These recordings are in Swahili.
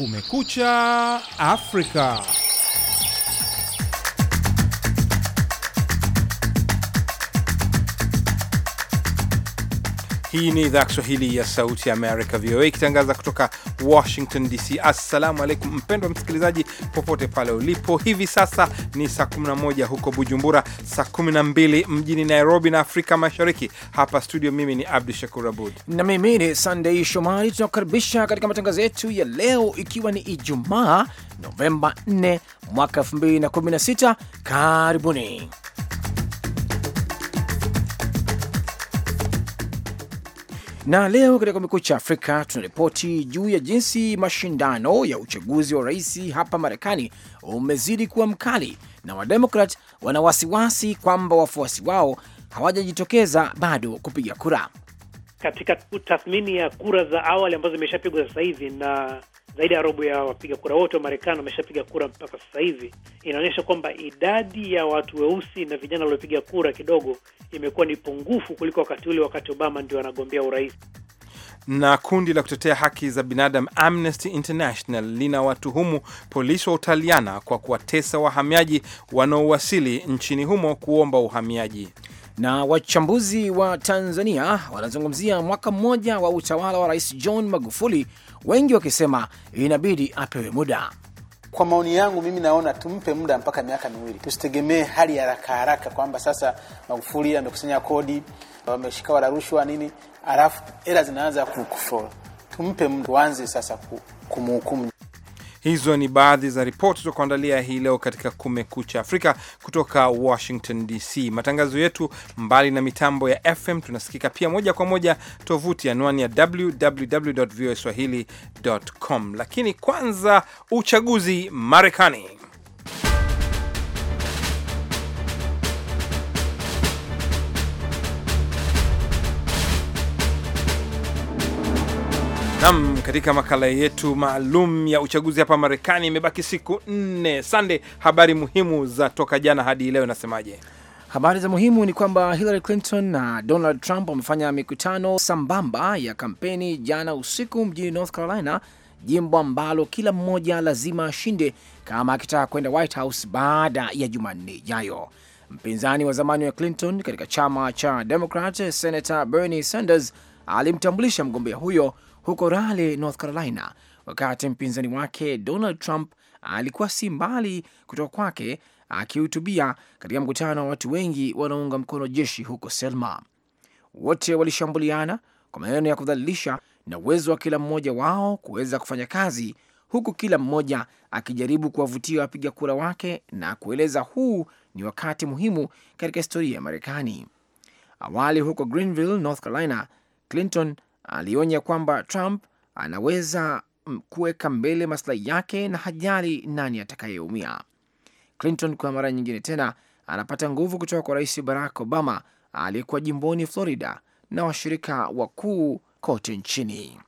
Kumekucha Afrika. Hii ni idhaa Kiswahili ya Sauti ya Amerika, VOA, ikitangaza kutoka Washington DC. Assalamu alaikum mpendwa msikilizaji, popote pale ulipo. Hivi sasa ni saa 11 huko Bujumbura, saa 12 mjini Nairobi na Afrika Mashariki. Hapa studio, mimi ni Abdu Shakur Abud na mimi ni Sandei Shomari. Tunakukaribisha katika matangazo yetu ya leo, ikiwa ni Ijumaa Novemba 4 mwaka 2016. Karibuni. Na leo katika Kumekucha Afrika tunaripoti juu ya jinsi mashindano ya uchaguzi wa rais hapa Marekani umezidi kuwa mkali na Wademokrat wana wasiwasi kwamba wafuasi wao hawajajitokeza bado kupiga kura. Katika tathmini ya kura za awali ambazo zimeshapigwa sasa hivi na zaidi ya robo ya wapiga kura wote wa Marekani wameshapiga kura mpaka sasa hivi. Inaonyesha kwamba idadi ya watu weusi na vijana waliopiga kura kidogo imekuwa ni pungufu kuliko wakati ule wakati Obama ndio anagombea urais. Na kundi la kutetea haki za binadamu Amnesty International linawatuhumu polisi wa Utaliana kwa kuwatesa wahamiaji wanaowasili nchini humo kuomba uhamiaji. Na wachambuzi wa Tanzania wanazungumzia mwaka mmoja wa utawala wa Rais John Magufuli, wengi wakisema inabidi apewe muda. Kwa maoni yangu mimi naona tumpe muda mpaka miaka miwili, tusitegemee hali ya haraka haraka kwamba sasa Magufuli amekusanya kodi, wameshika wala rushwa nini, alafu hela zinaanza kuflow. Tumpe muda, tuanze sasa kumhukumu. Hizo ni baadhi za ripoti za kuandalia hii leo katika Kumekucha Afrika kutoka Washington DC. Matangazo yetu mbali na mitambo ya FM tunasikika pia moja kwa moja tovuti anwani ya www voa voaswahili.com. Lakini kwanza uchaguzi Marekani. Nam, katika makala yetu maalum ya uchaguzi hapa Marekani, imebaki siku nne. Sande, habari muhimu za toka jana hadi leo inasemaje? Habari za muhimu ni kwamba Hillary Clinton na Donald Trump wamefanya mikutano sambamba ya kampeni jana usiku mjini North Carolina, jimbo ambalo kila mmoja lazima ashinde kama akitaka kwenda White House baada ya Jumanne ijayo. Mpinzani wa zamani wa Clinton katika chama cha Democrat, Senator Bernie Sanders alimtambulisha mgombea huyo huko Raleigh, North Carolina, wakati mpinzani wake Donald Trump alikuwa si mbali kutoka kwake akihutubia katika mkutano wa watu wengi wanaounga mkono jeshi huko Selma. Wote walishambuliana kwa maneno ya kudhalilisha na uwezo wa kila mmoja wao kuweza kufanya kazi, huku kila mmoja akijaribu kuwavutia wapiga kura wake na kueleza huu ni wakati muhimu katika historia ya Marekani. Awali huko Greenville, North Carolina, Clinton alionya kwamba Trump anaweza mm, kuweka mbele maslahi yake na hajali nani atakayeumia. Clinton kwa mara nyingine tena anapata nguvu kutoka kwa Rais Barack Obama aliyekuwa jimboni Florida na washirika wakuu kote nchini.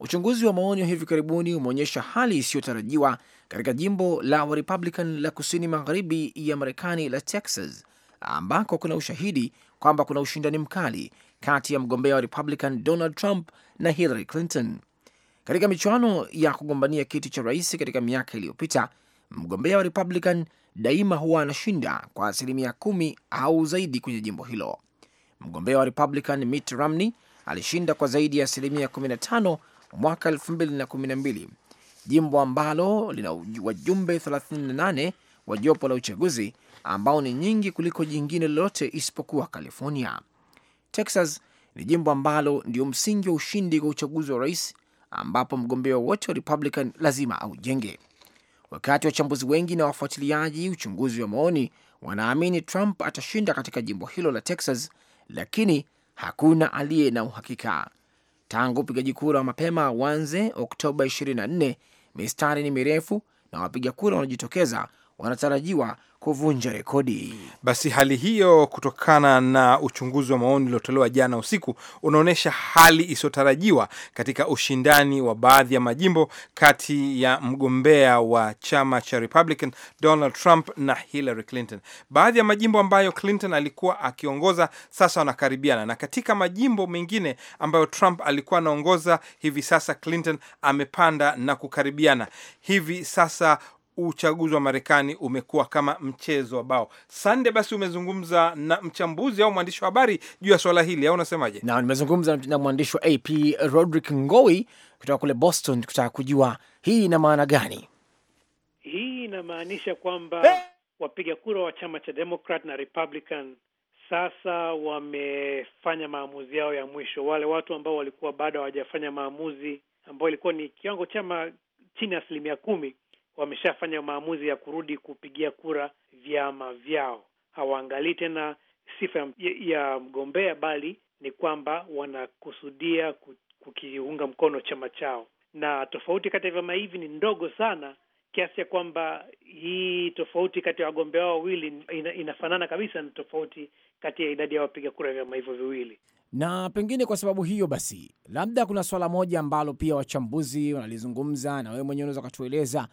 Uchunguzi wa maoni wa hivi karibuni umeonyesha hali isiyotarajiwa katika jimbo la Warepublican la kusini magharibi ya Marekani la Texas, ambako kuna ushahidi kwamba kuna ushindani mkali kati ya mgombea wa Republican Donald Trump na Hillary Clinton. Katika michuano ya kugombania kiti cha rais katika miaka iliyopita, mgombea wa Republican daima huwa anashinda kwa asilimia kumi au zaidi kwenye jimbo hilo. Mgombea wa Republican Mitt Romney alishinda kwa zaidi ya asilimia 15 mwaka 2012, jimbo ambalo lina wajumbe 38 wa jopo la uchaguzi ambao ni nyingi kuliko jingine lolote isipokuwa California. Texas ni jimbo ambalo ndio msingi wa ushindi kwa uchaguzi wa rais, ambapo mgombea wote wa Republican lazima aujenge. Wakati wachambuzi wengi na wafuatiliaji uchunguzi wa maoni wanaamini Trump atashinda katika jimbo hilo la Texas, lakini hakuna aliye na uhakika. Tangu upigaji kura wa mapema uanze Oktoba 24, mistari ni mirefu na wapiga kura wanajitokeza wanatarajiwa kuvunja rekodi. Basi hali hiyo, kutokana na uchunguzi wa maoni uliotolewa jana usiku, unaonyesha hali isiyotarajiwa katika ushindani wa baadhi ya majimbo kati ya mgombea wa chama cha Republican Donald Trump na Hillary Clinton. Baadhi ya majimbo ambayo Clinton alikuwa akiongoza sasa wanakaribiana, na katika majimbo mengine ambayo Trump alikuwa anaongoza hivi sasa Clinton amepanda na kukaribiana hivi sasa uchaguzi wa Marekani umekuwa kama mchezo wa bao. Sande, basi umezungumza na mchambuzi au mwandishi wa habari juu ya swala hili au unasemaje? Na nimezungumza na mwandishi wa AP Rodrick Ngowi kutoka kule Boston kutaka kujua hii ina maana gani. Hii inamaanisha kwamba hey, wapiga kura wa chama cha Democrat na Republican sasa wamefanya maamuzi yao ya mwisho. Wale watu ambao walikuwa bado hawajafanya maamuzi, ambao ilikuwa ni kiwango chama chini ya asilimia kumi wameshafanya maamuzi ya kurudi kupigia kura vyama vyao. Hawaangalii tena sifa ya, mgombea, bali ni kwamba wanakusudia kukiunga mkono chama chao, na tofauti kati ya vyama hivi ni ndogo sana kiasi ya kwamba hii tofauti kati ya wagombea wao wawili ina, inafanana kabisa na tofauti kati ya idadi ya wapiga kura vyama hivyo viwili. Na pengine kwa sababu hiyo basi, labda kuna swala moja ambalo pia wachambuzi wanalizungumza na wewe mwenyewe unaweza ukatueleza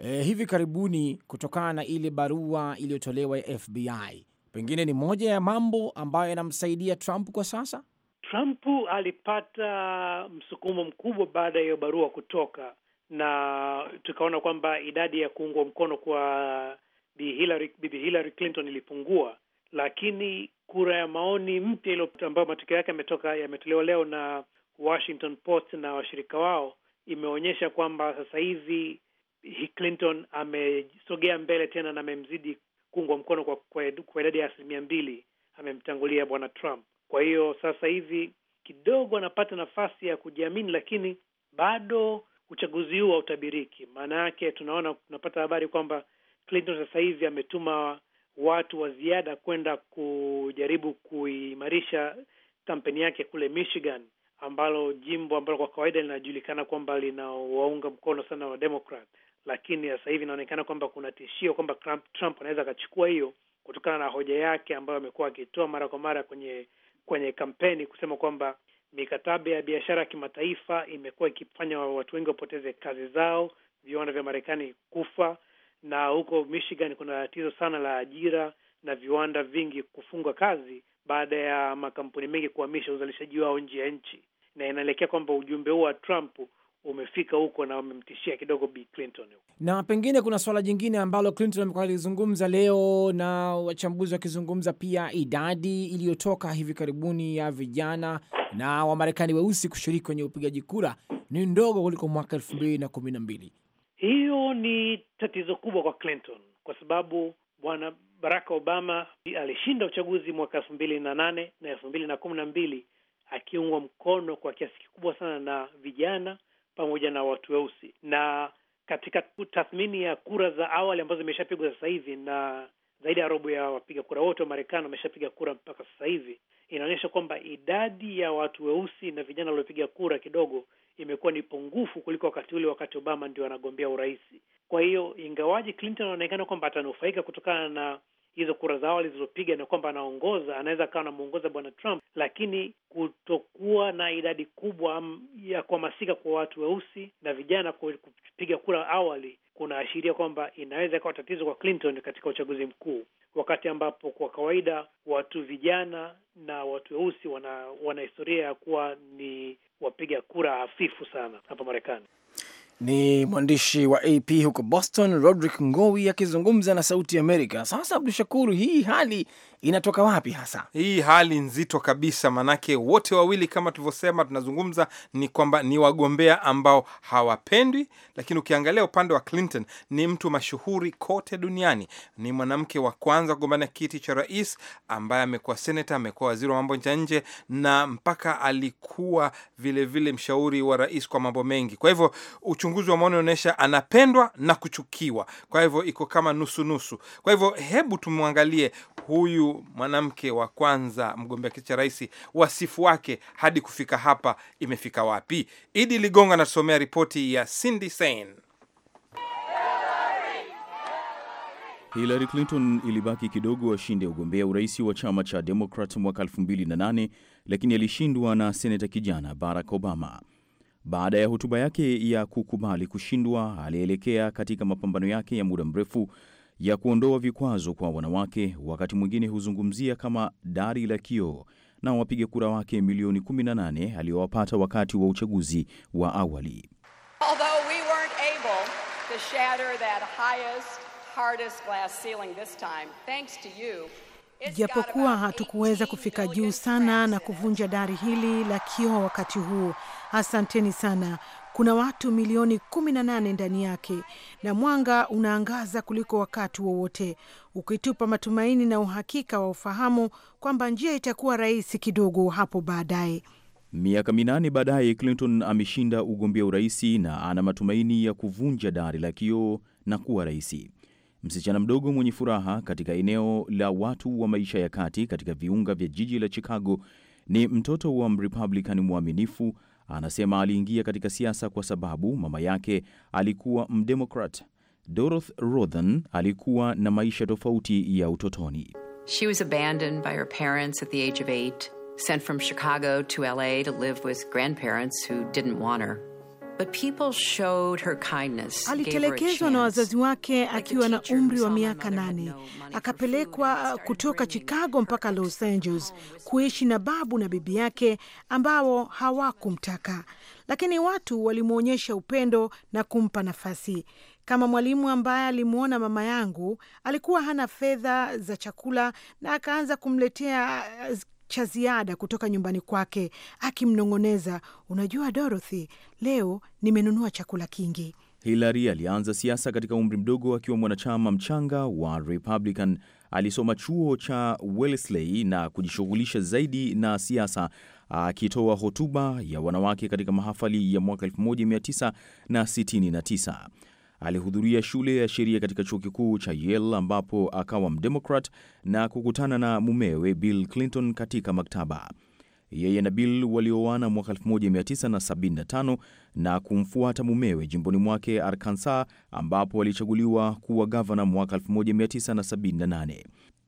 e, hivi karibuni kutokana na ile barua iliyotolewa ya FBI, pengine ni moja ya mambo ambayo yanamsaidia Trump kwa sasa. Trump alipata msukumo mkubwa baada ya hiyo barua kutoka, na tukaona kwamba idadi ya kuungwa mkono kwa Bi Hillary, Bibi Hillary Clinton ilipungua, lakini kura ya maoni mpya ambayo matokeo yake yametoka yametolewa leo na Washington Post na washirika wao imeonyesha kwamba sasa hivi Clinton amesogea mbele tena na amemzidi kuungwa mkono kwa, kwa idadi ya asilimia mbili, amemtangulia bwana Trump. Kwa hiyo sasa hivi kidogo anapata nafasi ya kujiamini, lakini bado uchaguzi huu hautabiriki. Maana yake tunaona, tunapata habari kwamba Clinton sasa hivi ametuma watu wa ziada kwenda kujaribu kuimarisha kampeni yake kule Michigan, ambalo jimbo ambalo kwa kawaida linajulikana kwamba linawaunga mkono sana wa Democrat lakini sasa hivi inaonekana kwamba kuna tishio kwamba Trump anaweza akachukua hiyo kutokana na hoja yake ambayo amekuwa akitoa mara kwa mara kwenye kwenye kampeni kusema kwamba mikataba ya biashara ya kimataifa imekuwa ikifanya watu wengi wapoteze kazi zao, viwanda vya Marekani kufa, na huko Michigan kuna tatizo sana la ajira na viwanda vingi kufungwa kazi baada ya makampuni mengi kuhamisha uzalishaji wao nje ya nchi, na inaelekea kwamba ujumbe huu wa Trump umefika huko na wamemtishia kidogo Bi Clinton huko. Na pengine kuna suala jingine ambalo Clinton amekuwa alizungumza leo na wachambuzi wakizungumza pia, idadi iliyotoka hivi karibuni ya vijana na Wamarekani weusi kushiriki kwenye upigaji kura ni ndogo kuliko mwaka elfu mbili na kumi na mbili. Hiyo ni tatizo kubwa kwa Clinton kwa sababu bwana Barack Obama alishinda uchaguzi mwaka elfu mbili na nane na elfu mbili na kumi na mbili akiungwa mkono kwa kiasi kikubwa sana na vijana pamoja na watu weusi. Na katika tathmini ya kura za awali ambazo zimeshapigwa sasa hivi, na zaidi ya robo ya wapiga kura wote wa Marekani wameshapiga kura mpaka sasa hivi, inaonyesha kwamba idadi ya watu weusi na vijana waliopiga kura kidogo imekuwa ni pungufu kuliko wakati ule wakati Obama ndio anagombea urais. Kwa hiyo ingawaji Clinton anaonekana kwamba atanufaika kutokana na hizo kura za awali zilizopiga na kwamba anaongoza, anaweza akawa anamuongoza bwana Trump, lakini kutokuwa na idadi kubwa ya kuhamasika kwa watu weusi na vijana kupiga kura awali kunaashiria kwamba inaweza ikawa tatizo kwa Clinton katika uchaguzi mkuu, wakati ambapo kwa kawaida watu vijana na watu weusi wana, wana historia ya kuwa ni wapiga kura hafifu sana hapa Marekani. Ni mwandishi wa AP huko Boston, Rodrick Ngowi akizungumza na Sauti Amerika. Sasa Abdu Shakuru, hii hali inatoka wapi hasa hii hali nzito kabisa? Manake wote wawili kama tulivyosema, tunazungumza ni kwamba ni wagombea ambao hawapendwi, lakini ukiangalia upande wa Clinton ni mtu mashuhuri kote duniani, ni mwanamke wa kwanza kugombania kiti cha rais, ambaye amekuwa senata, amekuwa waziri wa mambo ya nje na mpaka alikuwa vilevile vile mshauri wa rais kwa mambo mengi. Kwa hivyo uchunguzi wa maoni unaonyesha anapendwa na kuchukiwa, kwa hivyo iko kama nusu nusu Kwa hivyo hebu tumwangalie huyu mwanamke wa kwanza mgombea kiti cha rais, wasifu wake hadi kufika hapa imefika wapi? Idi Ligonga anatusomea ripoti ya Cindy Sain. Hillary Clinton ilibaki kidogo ashinde ugombea urais wa chama cha Demokrat mwaka 2008 lakini alishindwa na seneta kijana Barack Obama. Baada ya hotuba yake ya kukubali kushindwa, alielekea katika mapambano yake ya muda mrefu ya kuondoa vikwazo kwa wanawake, wakati mwingine huzungumzia kama dari la kioo, na wapiga kura wake milioni 18 aliyowapata wakati wa uchaguzi wa awali. Japokuwa hatukuweza kufika juu sana na kuvunja dari hili la kioo wakati huu, asanteni sana kuna watu milioni 18 ndani yake, na mwanga unaangaza kuliko wakati wowote, ukitupa matumaini na uhakika wa ufahamu kwamba njia itakuwa rahisi kidogo hapo baadaye. Miaka minane baadaye, Clinton ameshinda ugombea uraisi na ana matumaini ya kuvunja dari la kioo na kuwa raisi. Msichana mdogo mwenye furaha katika eneo la watu wa maisha ya kati katika viunga vya jiji la Chicago ni mtoto wa Mrepublican mwaminifu Anasema aliingia katika siasa kwa sababu mama yake alikuwa mdemokrat. Dorothy rothen alikuwa na maisha tofauti ya utotoni. She was abandoned by her parents at the age of 8, sent from Chicago to LA to live with grandparents who didn't want her. Alitelekezwa na wazazi wake akiwa na umri wa miaka nane, akapelekwa kutoka Chicago mpaka Los Angeles kuishi na babu na bibi yake ambao hawakumtaka, lakini watu walimwonyesha upendo na kumpa nafasi. Kama mwalimu ambaye alimwona mama yangu alikuwa hana fedha za chakula na akaanza kumletea cha ziada kutoka nyumbani kwake, akimnong'oneza, unajua Dorothy, leo nimenunua chakula kingi. Hillary alianza siasa katika umri mdogo akiwa mwanachama mchanga wa Republican. Alisoma chuo cha Wellesley na kujishughulisha zaidi na siasa akitoa hotuba ya wanawake katika mahafali ya mwaka 1969. Alihudhuria shule ya sheria katika chuo kikuu cha Yale ambapo akawa mdemokrat na kukutana na mumewe Bill Clinton katika maktaba. Yeye na Bill walioana mwaka 1975 na kumfuata mumewe jimboni mwake Arkansas, ambapo alichaguliwa kuwa gavana mwaka 1978.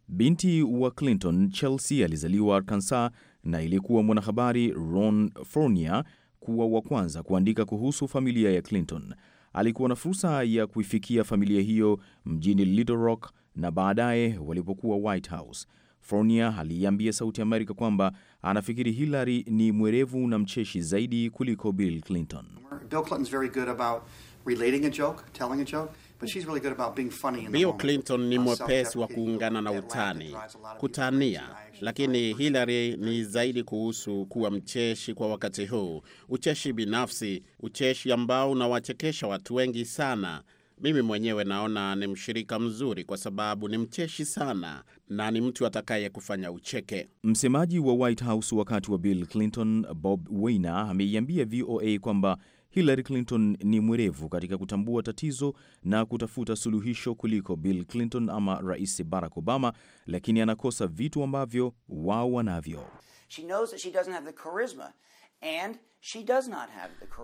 Binti wa Clinton, Chelsea, alizaliwa Arkansas na ilikuwa mwanahabari Ron Fournier kuwa wa kwanza kuandika kuhusu familia ya Clinton alikuwa na fursa ya kuifikia familia hiyo mjini Little Rock na baadaye walipokuwa White House. Fournier aliiambia Sauti Amerika kwamba anafikiri Hillary ni mwerevu na mcheshi zaidi kuliko Bill Clinton. Bill Clinton's very good about relating a joke, telling a joke. Really Bill Clinton ni mwepesi wa kuungana na utani, kutania, lakini Hillary ni zaidi kuhusu kuwa mcheshi kwa wakati huu, ucheshi binafsi, ucheshi ambao unawachekesha watu wengi sana. Mimi mwenyewe naona ni mshirika mzuri kwa sababu ni mcheshi sana na ni mtu atakaye kufanya ucheke. Msemaji wa White House wakati wa Bill Clinton, Bob Weiner, ameiambia VOA kwamba Hillary Clinton ni mwerevu katika kutambua tatizo na kutafuta suluhisho kuliko Bill Clinton ama Rais Barack Obama, lakini anakosa vitu ambavyo wao wanavyo.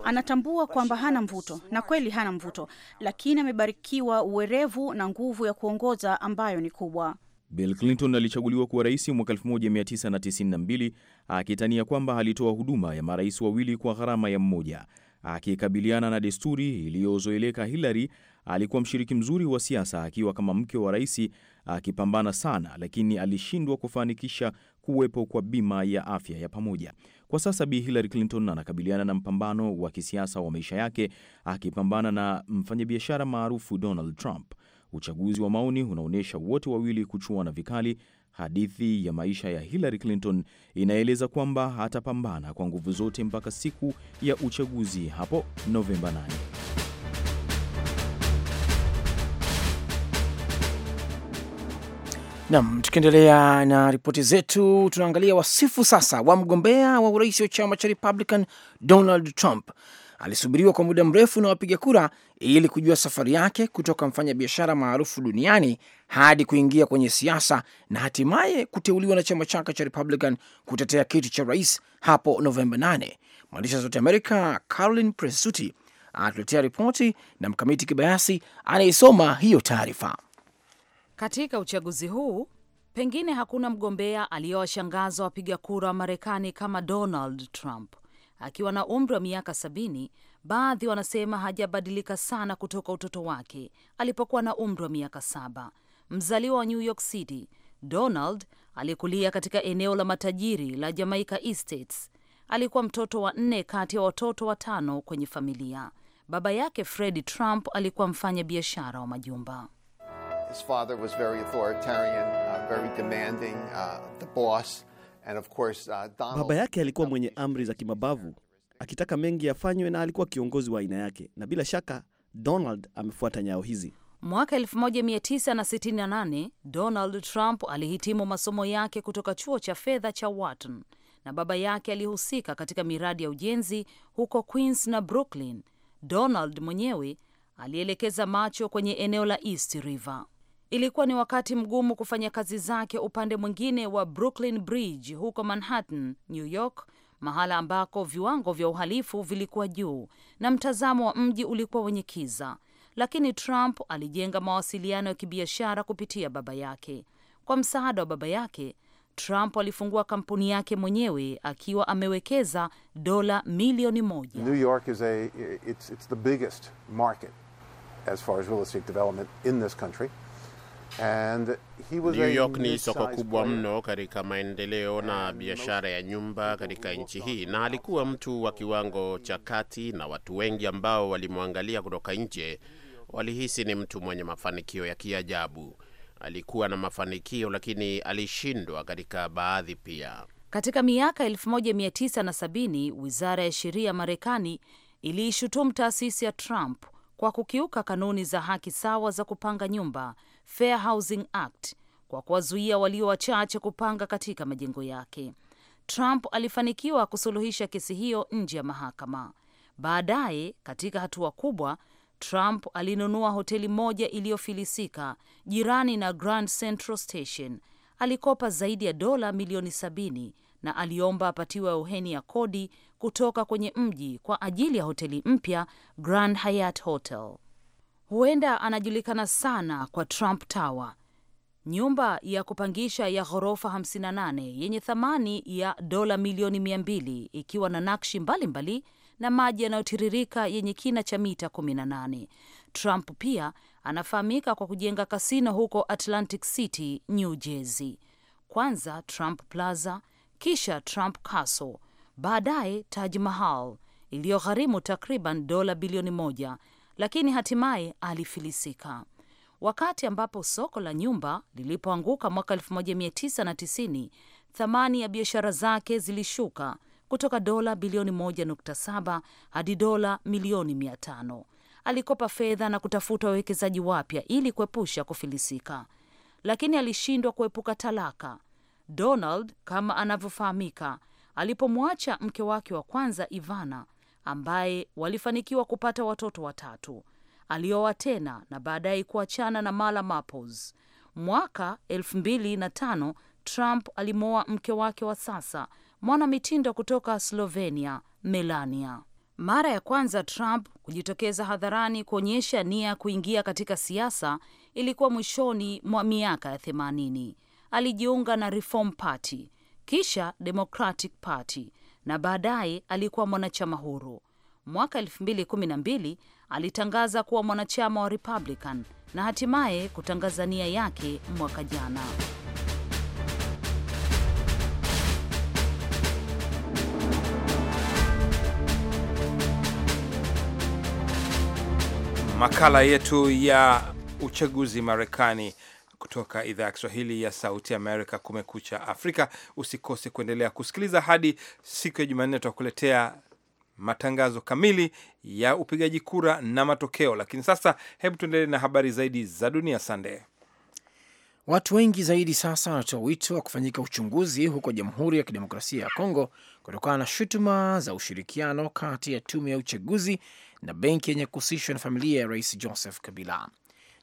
Anatambua kwamba hana mvuto na kweli hana mvuto, lakini amebarikiwa uwerevu na nguvu ya kuongoza ambayo ni kubwa. Bill Clinton alichaguliwa kuwa rais mwaka 1992 akitania kwamba alitoa huduma ya marais wawili kwa gharama ya mmoja. Akikabiliana na desturi iliyozoeleka, Hillary alikuwa mshiriki mzuri wa siasa, akiwa kama mke wa rais akipambana sana, lakini alishindwa kufanikisha kuwepo kwa bima ya afya ya pamoja. Kwa sasa Bi Hillary Clinton anakabiliana na mpambano wa kisiasa wa maisha yake, akipambana na mfanyabiashara maarufu Donald Trump. Uchaguzi wa maoni unaonyesha wote wawili kuchuana vikali Hadithi ya maisha ya Hillary Clinton inaeleza kwamba atapambana kwa nguvu zote mpaka siku ya uchaguzi hapo Novemba 8. Nam, tukiendelea na ripoti zetu, tunaangalia wasifu sasa wa mgombea wa urais wa chama cha Republican Donald Trump alisubiriwa kwa muda mrefu na wapiga kura ili kujua safari yake kutoka mfanyabiashara maarufu duniani hadi kuingia kwenye siasa na hatimaye kuteuliwa na chama chake cha Republican kutetea kiti cha rais hapo Novemba 8. Mwandishi wa Sauti Amerika Caroline Presuti anatuletea ripoti na Mkamiti Kibayasi anayesoma hiyo taarifa. Katika uchaguzi huu pengine hakuna mgombea aliyowashangaza wapiga kura wa Marekani kama Donald Trump. Akiwa na umri wa miaka sabini, baadhi wanasema hajabadilika sana kutoka utoto wake alipokuwa na umri wa miaka saba. Mzaliwa wa New York City, Donald alikulia katika eneo la matajiri la Jamaica Estates. Alikuwa mtoto wa nne kati ya watoto watano kwenye familia. Baba yake Fred Trump alikuwa mfanya biashara wa majumba. His father was very authoritarian, uh, very demanding, uh, the boss. Uh, baba yake alikuwa mwenye amri za kimabavu akitaka mengi yafanywe, na alikuwa kiongozi wa aina yake, na bila shaka Donald amefuata nyayo hizi. Mwaka 1968 Donald Trump alihitimu masomo yake kutoka chuo cha fedha cha Wharton, na baba yake alihusika katika miradi ya ujenzi huko Queens na Brooklyn. Donald mwenyewe alielekeza macho kwenye eneo la East River. Ilikuwa ni wakati mgumu kufanya kazi zake upande mwingine wa Brooklyn Bridge huko Manhattan, New York, mahala ambako viwango vya uhalifu vilikuwa juu na mtazamo wa mji ulikuwa wenye kiza. Lakini Trump alijenga mawasiliano ya kibiashara kupitia baba yake. Kwa msaada wa baba yake, Trump alifungua kampuni yake mwenyewe akiwa amewekeza dola milioni moja. New York is a, it's, it's the biggest market as far as real estate development in this country. And he was New York ni soko kubwa mno katika maendeleo na biashara ya nyumba katika nchi hii, na alikuwa mtu wa kiwango cha kati, na watu wengi ambao walimwangalia kutoka nje walihisi ni mtu mwenye mafanikio ya kiajabu. Alikuwa na mafanikio lakini alishindwa katika baadhi pia. Katika miaka 1970 wizara ya sheria Marekani iliishutumu taasisi ya Trump kwa kukiuka kanuni za haki sawa za kupanga nyumba Fair Housing Act kwa kuwazuia walio wachache kupanga katika majengo yake. Trump alifanikiwa kusuluhisha kesi hiyo nje ya mahakama. Baadaye, katika hatua kubwa, Trump alinunua hoteli moja iliyofilisika jirani na Grand Central Station. Alikopa zaidi ya dola milioni sabini na aliomba apatiwe auheni ya kodi kutoka kwenye mji kwa ajili ya hoteli mpya Grand Hyatt Hotel huenda anajulikana sana kwa Trump Tower, nyumba ya kupangisha ya ghorofa 58 yenye thamani ya dola milioni 200 ikiwa na nakshi mbalimbali na maji yanayotiririka yenye kina cha mita 18. Trump pia anafahamika kwa kujenga kasino huko Atlantic City, New Jersey, kwanza Trump Plaza, kisha Trump Castle, baadaye Taj Mahal iliyogharimu takriban dola bilioni moja lakini hatimaye alifilisika. Wakati ambapo soko la nyumba lilipoanguka mwaka 1990 thamani ya biashara zake zilishuka kutoka dola bilioni 1.7 hadi dola milioni 500. Alikopa fedha na kutafuta wawekezaji wapya ili kuepusha kufilisika, lakini alishindwa kuepuka talaka. Donald kama anavyofahamika, alipomwacha mke wake wa kwanza Ivana ambaye walifanikiwa kupata watoto watatu. Alioa tena na baadaye kuachana na Mala Maples. Mwaka elfu mbili na tano Trump alimwoa mke wake wa sasa, mwanamitindo kutoka Slovenia, Melania. Mara ya kwanza Trump kujitokeza hadharani kuonyesha nia ya kuingia katika siasa ilikuwa mwishoni mwa miaka ya themanini. Alijiunga na Reform Party kisha Democratic Party na baadaye alikuwa mwanachama huru. Mwaka 2012 alitangaza kuwa mwanachama wa Republican na hatimaye kutangaza nia yake mwaka jana. Makala yetu ya uchaguzi Marekani kutoka idhaa ya Kiswahili ya Sauti Amerika, Kumekucha Afrika. Usikose kuendelea kusikiliza hadi siku ya Jumanne, tutakuletea matangazo kamili ya upigaji kura na matokeo. Lakini sasa, hebu tuendelee na habari zaidi za dunia. Sande. Watu wengi zaidi sasa wanatoa wito wa kufanyika uchunguzi huko Jamhuri ya Kidemokrasia ya Kongo kutokana na shutuma za ushirikiano kati ya tume ya uchaguzi na benki yenye kuhusishwa na familia ya rais Joseph Kabila.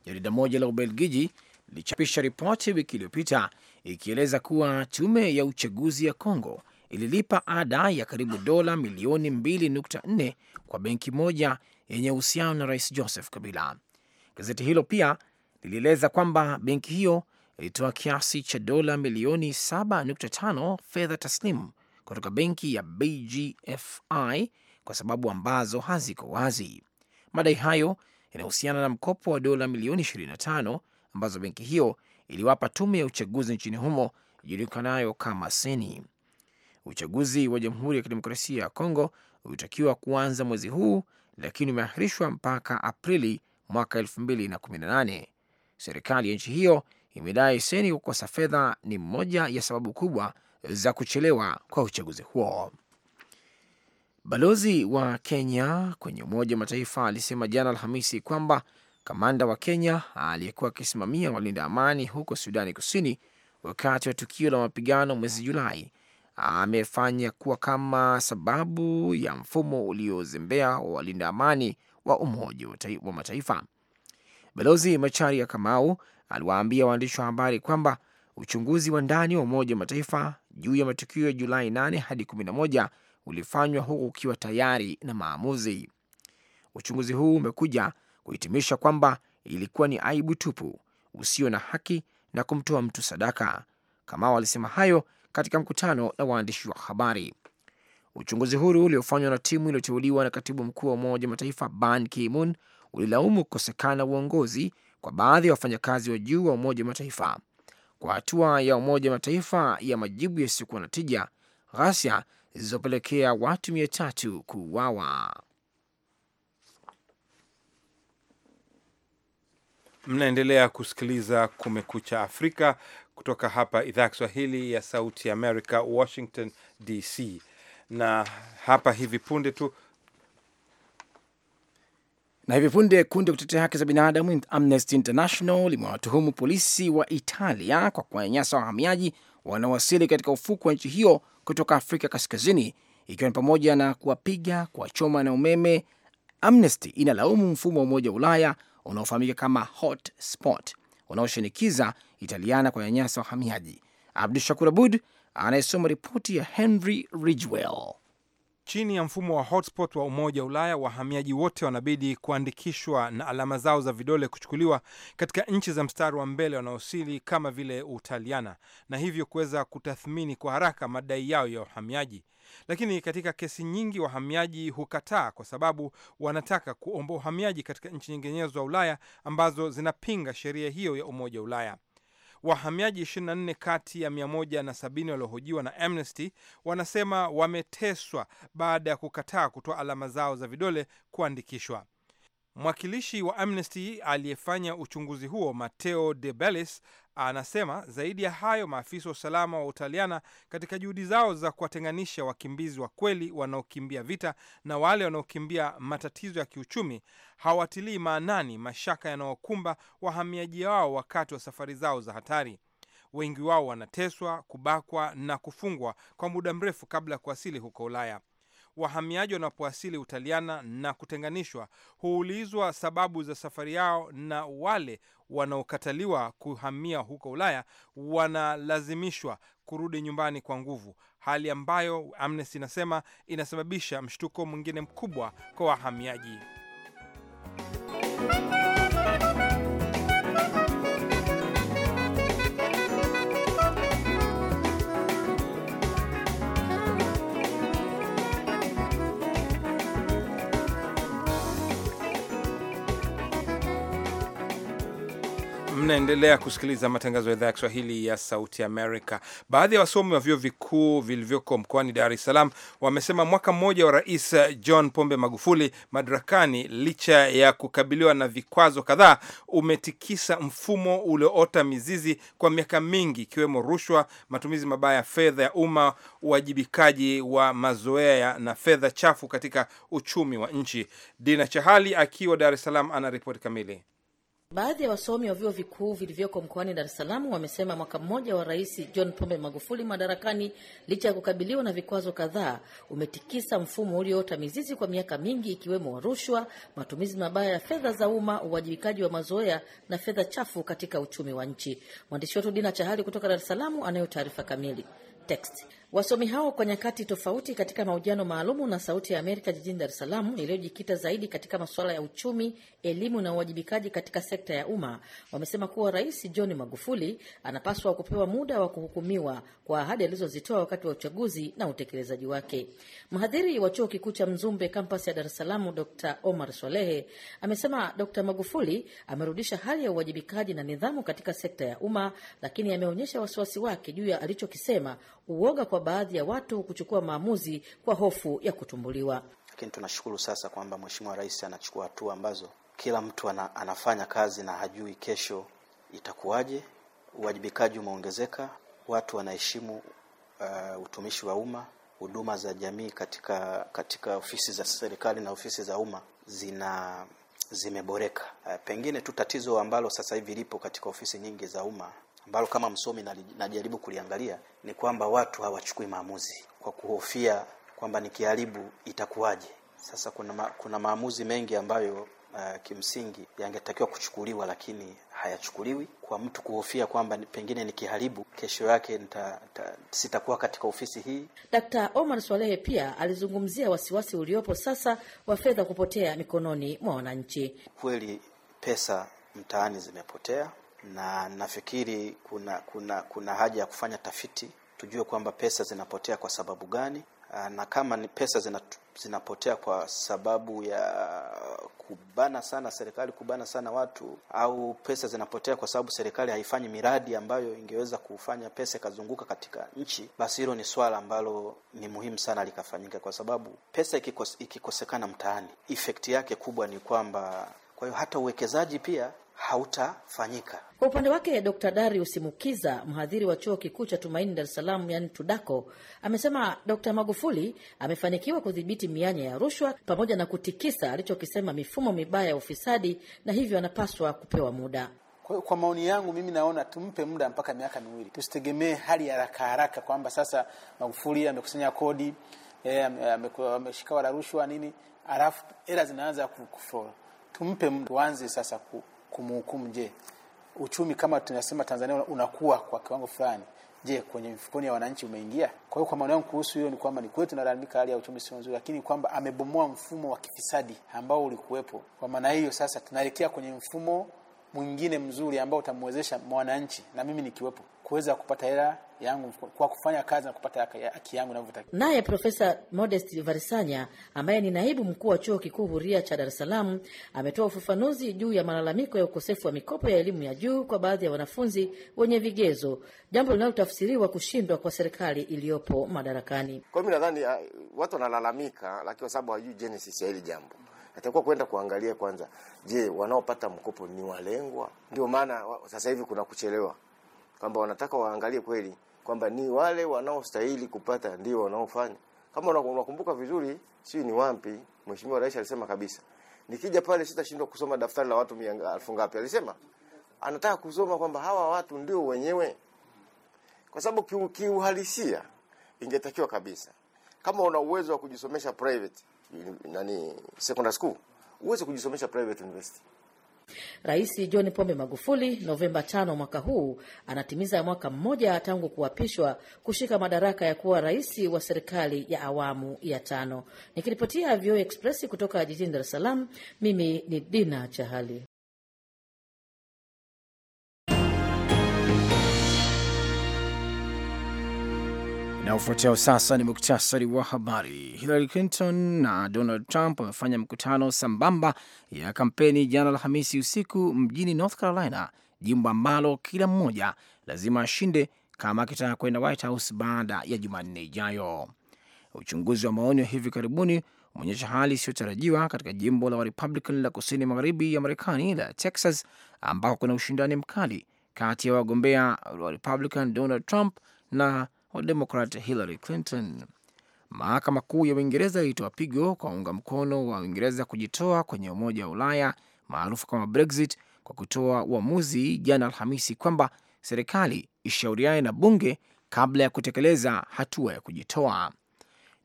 Jarida moja la Ubelgiji ilichapisha ripoti wiki iliyopita ikieleza kuwa tume ya uchaguzi ya congo ililipa ada ya karibu dola milioni 2.4 kwa benki moja yenye uhusiano na Rais Joseph Kabila. Gazeti hilo pia lilieleza kwamba benki hiyo ilitoa kiasi cha dola milioni 7.5 fedha taslimu kutoka benki ya BGFI kwa sababu ambazo haziko wazi. Madai hayo yanahusiana na mkopo wa dola milioni 25 ambazo benki hiyo iliwapa tume ya uchaguzi nchini humo ijulikanayo kama Seni. Uchaguzi wa Jamhuri ya Kidemokrasia ya Kongo ulitakiwa kuanza mwezi huu, lakini umeahirishwa mpaka Aprili mwaka 2018. Serikali ya nchi hiyo imedai Seni kukosa fedha ni moja ya sababu kubwa za kuchelewa kwa uchaguzi huo. Balozi wa Kenya kwenye Umoja wa Mataifa alisema jana Alhamisi kwamba kamanda wa Kenya aliyekuwa akisimamia walinda amani huko Sudani Kusini wakati wa tukio la mapigano mwezi Julai amefanya kuwa kama sababu ya mfumo uliozembea wa walinda amani wa Umoja wa Mataifa. Balozi ya Kamau aliwaambia waandishi wa habari kwamba uchunguzi wa ndani wa Umoja wa Mataifa juu ya matukio ya Julai 8 hadi 11 ulifanywa huku ukiwa tayari na maamuzi. Uchunguzi huu umekuja kuhitimisha kwamba ilikuwa ni aibu tupu usio na haki na kumtoa mtu sadaka. Kamau alisema hayo katika mkutano na waandishi wa habari. Uchunguzi huru uliofanywa na timu iliyoteuliwa na katibu mkuu wa Umoja Mataifa Ban Ki-moon ulilaumu kukosekana uongozi kwa baadhi ya wafanyakazi wa juu wa Umoja Mataifa kwa hatua ya Umoja Mataifa ya majibu yasiyokuwa na tija, ghasia zilizopelekea watu mia tatu kuuawa. Mnaendelea kusikiliza Kumekucha Afrika kutoka hapa idhaa ya Kiswahili ya Sauti ya Amerika, Washington DC. Na hapa hivi punde tu na hivi punde kundi kutetea haki za binadamu Amnesty International limewatuhumu polisi wa Italia kwa kuwanyanyasa wahamiaji wanaowasili katika ufuku wa nchi hiyo kutoka Afrika Kaskazini, ikiwa ni pamoja na kuwapiga, kuwachoma na umeme. Amnesty inalaumu mfumo wa Umoja wa Ulaya unaofahamika kama hot spot unaoshinikiza Italiana kwa nyanyasa wahamiaji. Abdu Shakur Abud anayesoma ripoti ya Henry Ridgewell. Chini ya mfumo wa hotspot wa Umoja wa Ulaya, wahamiaji wote wanabidi kuandikishwa na alama zao za vidole kuchukuliwa katika nchi za mstari wa mbele wanaosili kama vile Utaliana, na hivyo kuweza kutathmini kwa haraka madai yao ya uhamiaji lakini katika kesi nyingi wahamiaji hukataa kwa sababu wanataka kuomba uhamiaji katika nchi nyinginezo za Ulaya ambazo zinapinga sheria hiyo ya Umoja wa Ulaya. Wahamiaji 24 kati ya 170 waliohojiwa na Amnesty wanasema wameteswa baada ya kukataa kutoa alama zao za vidole kuandikishwa. Mwakilishi wa Amnesty aliyefanya uchunguzi huo Mateo De Bellis Anasema zaidi ya hayo, maafisa wa usalama wa Utaliana katika juhudi zao za kuwatenganisha wakimbizi wa kweli wanaokimbia vita na wale wanaokimbia matatizo ya kiuchumi hawatilii maanani mashaka yanayokumba wahamiaji wao wakati wa safari zao za hatari. Wengi wao wanateswa, kubakwa na kufungwa kwa muda mrefu kabla ya kuwasili huko Ulaya wahamiaji wanapowasili Utaliana na kutenganishwa huulizwa sababu za safari yao, na wale wanaokataliwa kuhamia huko Ulaya wanalazimishwa kurudi nyumbani kwa nguvu, hali ambayo Amnesty inasema inasababisha mshtuko mwingine mkubwa kwa wahamiaji. Mnaendelea kusikiliza matangazo ya idhaa ya Kiswahili ya Sauti Amerika. Baadhi ya wasomi wa vyuo vikuu vilivyoko mkoani Dar es Salaam wamesema mwaka mmoja wa Rais John Pombe Magufuli madarakani, licha ya kukabiliwa na vikwazo kadhaa, umetikisa mfumo ulioota mizizi kwa miaka mingi, ikiwemo rushwa, matumizi mabaya ya fedha ya umma, uwajibikaji wa mazoea na fedha chafu katika uchumi wa nchi. Dina Chahali akiwa Dar es Salaam ana ripoti kamili. Baadhi ya wasomi wa vyuo vikuu vilivyoko mkoani Dar es Salaam wamesema mwaka mmoja wa Rais John Pombe Magufuli madarakani, licha ya kukabiliwa na vikwazo kadhaa, umetikisa mfumo ulioota mizizi kwa miaka mingi, ikiwemo rushwa, matumizi mabaya ya fedha za umma, uwajibikaji wa mazoea na fedha chafu katika uchumi wa nchi. Mwandishi wetu Dina Chahali kutoka Dar es Salaam anayo taarifa kamili text. Wasomi hao kwa nyakati tofauti katika mahojiano maalumu na Sauti ya Amerika jijini Dar es Salaam iliyojikita zaidi katika masuala ya uchumi, elimu na uwajibikaji katika sekta ya umma wamesema kuwa Rais John Magufuli anapaswa kupewa muda wa kuhukumiwa kwa ahadi alizozitoa wakati wa uchaguzi na utekelezaji wake. Mhadhiri wa Chuo Kikuu cha Mzumbe kampas ya Dar es Salaam Dr. Omar Swalehe amesema Dr. Magufuli amerudisha hali ya uwajibikaji na nidhamu katika sekta ya umma, lakini ameonyesha wasiwasi wake juu ya alichokisema uoga kwa baadhi ya watu kuchukua maamuzi kwa hofu ya kutumbuliwa. Lakini tunashukuru sasa kwamba Mheshimiwa Rais anachukua hatua ambazo kila mtu ana, anafanya kazi na hajui kesho itakuwaje. Uwajibikaji umeongezeka, watu wanaheshimu uh, utumishi wa umma. Huduma za jamii katika katika ofisi za serikali na ofisi za umma zina zimeboreka. Uh, pengine tu tatizo ambalo sasa hivi lipo katika ofisi nyingi za umma ambalo kama msomi najaribu kuliangalia ni kwamba watu hawachukui maamuzi kwa kuhofia kwamba nikiharibu itakuwaje. Sasa kuna, ma, kuna maamuzi mengi ambayo Uh, kimsingi yangetakiwa kuchukuliwa lakini hayachukuliwi kwa mtu kuhofia kwamba pengine nikiharibu kesho yake nita, nita, sitakuwa katika ofisi hii. Dkt. Omar Swalehe pia alizungumzia wasiwasi uliopo sasa wa fedha kupotea mikononi mwa wananchi. Kweli pesa mtaani zimepotea, na nafikiri kuna kuna kuna haja ya kufanya tafiti tujue kwamba pesa zinapotea kwa sababu gani, ah, na kama ni pesa zinapotea kwa sababu ya kubana sana serikali, kubana sana watu, au pesa zinapotea kwa sababu serikali haifanyi miradi ambayo ingeweza kufanya pesa ikazunguka katika nchi, basi hilo ni swala ambalo ni muhimu sana likafanyika, kwa sababu pesa ikikosekana mtaani, efekti yake kubwa ni kwamba, kwa hiyo hata uwekezaji pia hautafanyika. Kwa upande wake, Dr. Darius Mukiza, mhadhiri wa chuo kikuu cha Tumaini Dar es Salaam, yani TUDAKO, amesema Dr. Magufuli amefanikiwa kudhibiti mianya ya rushwa pamoja na kutikisa alichokisema mifumo mibaya ya ufisadi, na hivyo anapaswa kupewa muda. Kwa, kwa maoni yangu mimi naona tumpe muda mpaka miaka miwili, tusitegemee hali ya haraka haraka kwamba sasa Magufuli amekusanya kodi e, ameshika wala rushwa nini, alafu hela zinaanza kuflora. Tumpe muda, tuanze sasa ku kumhukumu. Je, uchumi kama tunasema Tanzania unakuwa kwa kiwango fulani, je, kwenye mfukoni ya wananchi umeingia? Kwa hiyo kwa maana yangu kuhusu hiyo ni kwamba ni kwetu tunalalamika hali ya uchumi sio nzuri, lakini kwamba amebomoa mfumo wa kifisadi ambao ulikuwepo. Kwa maana hiyo sasa tunaelekea kwenye mfumo mwingine mzuri ambao utamwezesha mwananchi na mimi nikiwepo kuweza kupata hela yangu kwa kufanya kazi na kupata haki yangu inavyotakiwa. Naye Profesa Modest Varisanya ambaye ni naibu mkuu wa chuo kikuu huria cha Dar es Salaam ametoa ufafanuzi juu ya malalamiko ya ukosefu wa mikopo ya elimu ya juu kwa baadhi ya wanafunzi wenye vigezo, jambo linalotafsiriwa kushindwa kwa serikali iliyopo madarakani. Kwa hiyo mi nadhani ah, watu wanalalamika, lakini kwa sababu hawajui genesis ya hili jambo atakuwa kwenda kuangalia kwanza, je, wanaopata mkopo ni walengwa? Ndio maana sasa hivi kuna kuchelewa, kwamba wanataka waangalie kweli kwamba ni wale wanaostahili kupata ndio wanaofanya. Kama unakumbuka vizuri, si ni wapi Mheshimiwa Rais alisema kabisa, nikija pale sitashindwa kusoma daftari la watu elfu ngapi. Alisema anataka kusoma kwamba hawa watu ndio wenyewe, kwa sababu kiuhalisia ingetakiwa kabisa, kama una uwezo wa kujisomesha private nani secondary school uweze kujisomesha private university. Rais John Pombe Magufuli Novemba 5 mwaka huu anatimiza mwaka mmoja tangu kuapishwa kushika madaraka ya kuwa rais wa serikali ya awamu ya tano. Nikiripotia VOA Express kutoka jijini Dar es Salaam, mimi ni Dina Chahali. Na ufuatao sasa ni muktasari wa habari. Hillary Clinton na Donald Trump wamefanya mkutano sambamba ya kampeni jana Alhamisi usiku mjini North Carolina, jimbo ambalo kila mmoja lazima ashinde kama akitaka kwenda White House baada ya Jumanne ijayo. Uchunguzi wa maoni wa hivi karibuni umeonyesha hali isiyotarajiwa katika jimbo la Warepublican la kusini magharibi ya Marekani la Texas, ambako kuna ushindani mkali kati ya wagombea wa Republican Donald Trump na wa Demokrat Hillary Clinton. Mahakama Kuu ya Uingereza ilitoa pigo kwa unga mkono wa Uingereza kujitoa kwenye Umoja wa Ulaya maarufu kama Brexit kwa kutoa uamuzi jana Alhamisi kwamba serikali ishauriane na bunge kabla ya kutekeleza hatua ya kujitoa.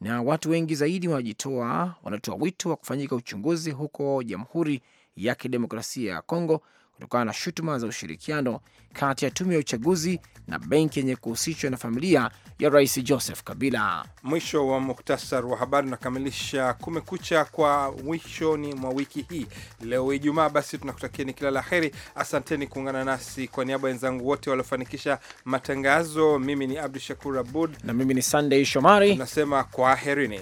Na watu wengi zaidi wanajitoa wanatoa wito wa kufanyika uchunguzi huko Jamhuri ya Kidemokrasia ya Kongo kutokana na shutuma za ushirikiano kati ya tume ya uchaguzi na benki yenye kuhusishwa na familia ya rais Joseph Kabila. Mwisho wa muhtasar wa habari unakamilisha Kumekucha kwa mwishoni mwa wiki hii leo Ijumaa. Basi tunakutakieni kila la heri, asanteni kuungana nasi. Kwa niaba ya wenzangu wote waliofanikisha matangazo, mimi ni Abdu Shakur Abud na mimi ni Sandey Shomari, tunasema kwaherini.